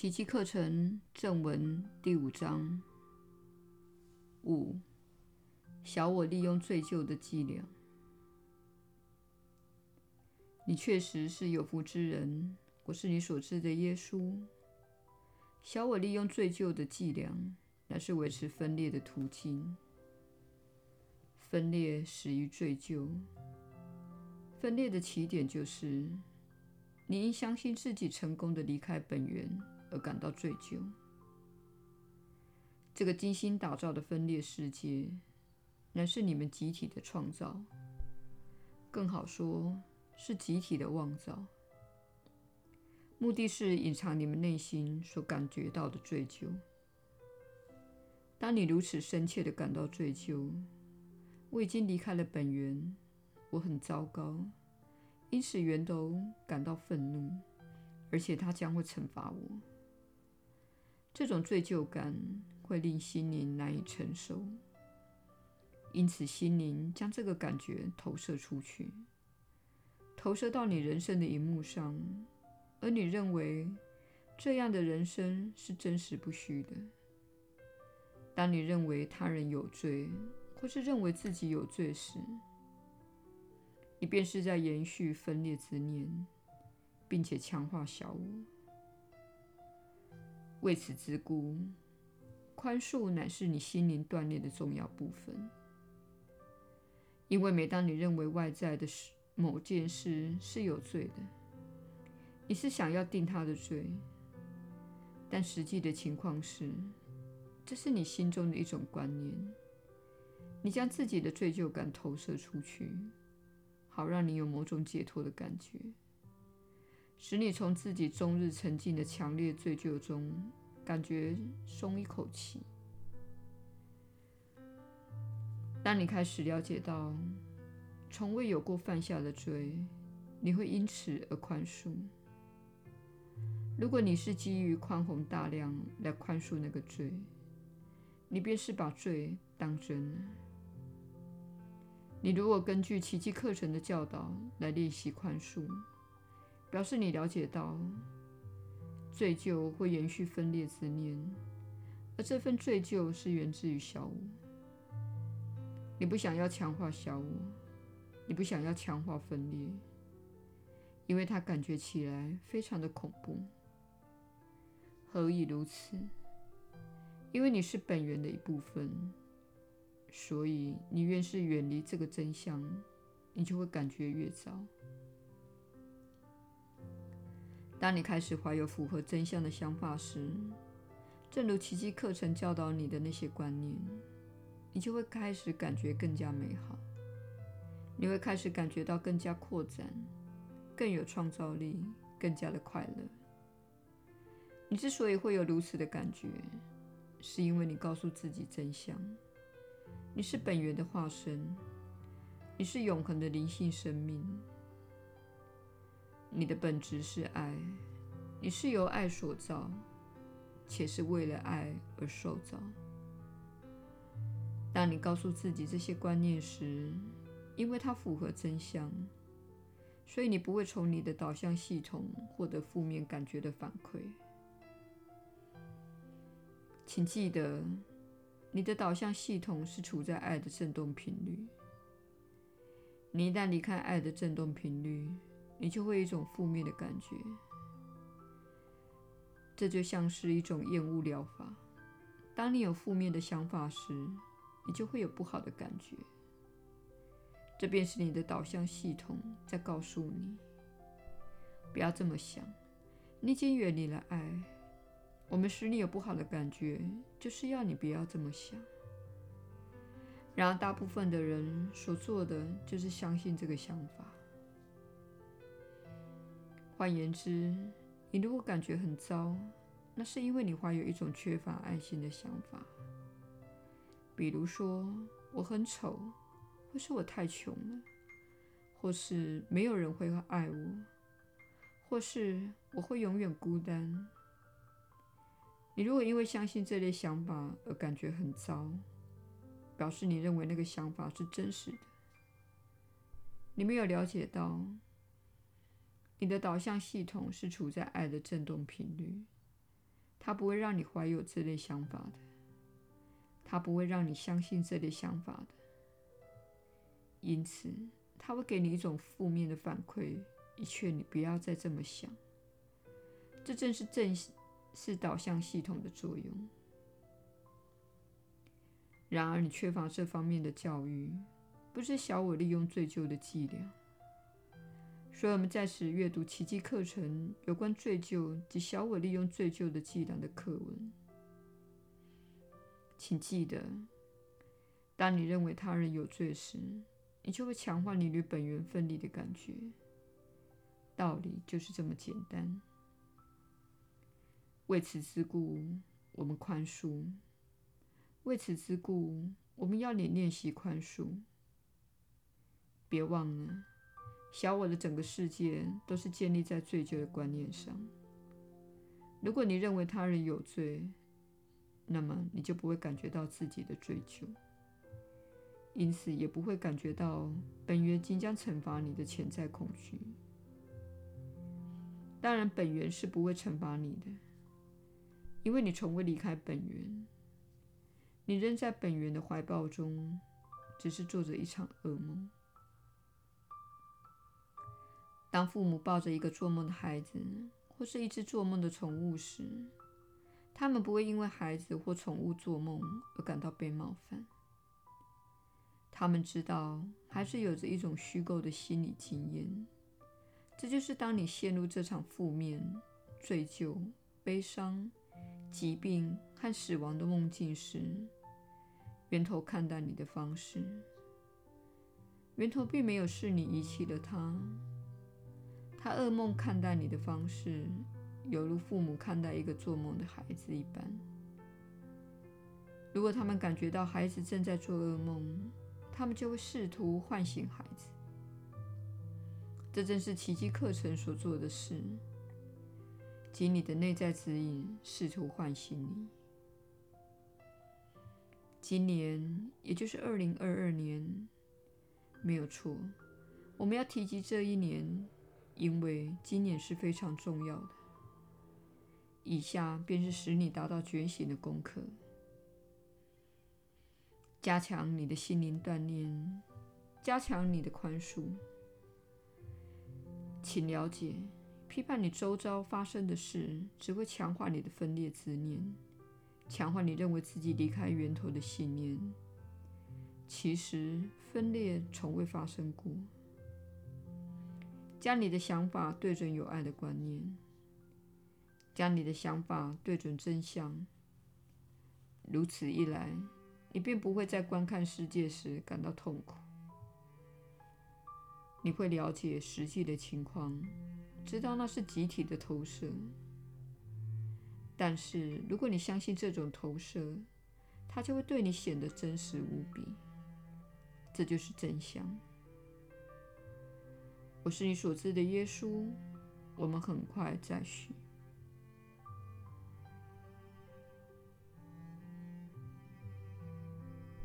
奇蹟課程正文第五章五小我利用罪咎的伎倆。你確實是有福之人，我是你所知的耶穌。小我利用罪咎的伎倆，乃是維持分裂的途徑。分裂始於罪咎，分裂的起點就是你因相信自己成功地離開本源。而感到罪咎。這個精心打造的分裂世界，乃是你們集體的創造，更好說是集體的妄造，目的是隱藏你們內心所感覺到的罪咎。當你如此深切地感到罪咎，我已經離開了本源，我很糟糕，因此源頭感到憤怒，而且他將會懲罰我。這種罪疚咎感會令心靈難以承受，因此心靈將這個感覺投射出去，投射到你人生的熒幕上，而你認為這樣的人生是真實不虛的。當你認為他人有罪，或是認為自己有罪時，你便是在延續分裂之念，並且強化小我。為此之故，寬恕乃是你心靈鍛煉的重要部分。因為每當你認為外在的事、某件事是有罪的，你是想要定它的罪，但實際的情況是，這是你心中的一種觀念。你將自己的罪咎感投射出去，好讓你有某種解脫的感覺。使你從自己終日沉浸的強烈罪咎中感覺鬆一口氣。當你開始了解到從未有過犯下的罪，你會因此而寬恕。如果你是基於寬宏大量來寬恕那個罪，你便是把罪當真了。你如果根據奇蹟課程的教導來練習寬恕，表示你了解到，罪咎會延續分裂之念，而這份罪咎是源自於小我。你不想要強化小我，你不想要強化分裂，因為它感覺起來非常的恐怖。何以如此？因為你是本源的一部分，所以你越是遠離這個真相，你就會感覺越糟。當你開始懷有符合真相的想法時，正如奇蹟課程教導你的那些觀念，你就會開始感覺更加美好。你會開始感覺到更加擴展，更有創造力，更加的快樂。你之所以會有如此的感覺，是因為你告訴自己真相：你是本源的化身，你是永恆的靈性生命。你的本質是愛，你是由愛所造，且是為了愛而受造。當你告訴自己這些觀念時，因為它符合真相，所以你不會從你的導向系統獲得負面感覺的反饋。請記得，你的導向系統是處在愛的振動頻率。你一旦離開愛的振動頻率，你就會有一種負面的感覺，這就像是一種厭惡療法。當你有負面的想法時，你就會有不好的感覺。這便是你的導向系統在告訴你，不要這麼想。你已經遠離了愛，我們使你有不好的感覺，就是要你不要這麼想。然而，大部分的人所做的就是相信這個想法。換言之，你如果感覺很糟，那是因為你懷有一種缺乏愛心的想法，比如說“我很醜”，或是“我太窮了”，或是“沒有人會愛我”，或是“我會永遠孤單”。你如果因為相信這類想法而感覺很糟，表示你認為那個想法是真實的，你沒有了解到。你的導向系統是處在愛的振動頻率，它不會讓你懷有這類想法的，它不會讓你相信這類想法的，因此，它會給你一種負面的反饋，以勸你不要再這麼想。這正是正，是導向系統的作用。然而，你缺乏這方面的教育，不知小我利用罪咎的伎倆。所以我們在此閱讀《奇蹟課程》有關罪咎及小我利用罪咎的伎倆的課文。請記得，當你認為他人有罪時，你就會強化你與本源分離的感覺。道理就是這麼簡單。為此之故，我們寬恕；為此之故，我們要你練習寬恕。別忘了。小我的整個世界都是建立在罪疚的觀念上。如果你認為他人有罪，那麼你就不會感覺到自己的罪咎，因此也不會感覺到本源即將懲罰你的潛在恐懼。當然，本源是不會懲罰你的，因為你從未離開本源，你仍在本源的懷抱中，只是做着一場噩夢。當父母抱着一個做夢的孩子，或是一隻做夢的寵物時，他們不會因為孩子或寵物做夢而感到被冒犯。他們知道孩子有着一種虛構的心理經驗，這就是當你陷入這場負面、罪咎、悲傷、疾病和死亡的夢境時，源頭看待你的方式。源頭並沒有視你遺棄了他。他噩夢看待你的方式，猶如父母看待一個做夢的孩子一般。如果他們感覺到孩子正在做噩夢，他們就會試圖喚醒孩子。這正是奇蹟課程所做的事，即你的內在指引，試圖喚醒你。今年，也就是二零二二年，沒有錯，我們要提及這一年。因為今年是非常重要的。以下便是使你達到覺醒的功課：加強你的心靈鍛煉，加強你的寬恕。請了解，批判你周遭發生的事，只會強化你的分裂之念，強化你認為自己離開源頭的信念。其實，分裂從未發生過。將你的想法對準有愛的觀念，將你的想法對準真相。如此一來，你便不會在觀看世界時感到痛苦。你會了解實際的情況，知道那是集體的投射。但是，如果你相信這種投射，它就會對你顯得真實無比。這就是真相。我是你所知的耶穌，我們很快再敘。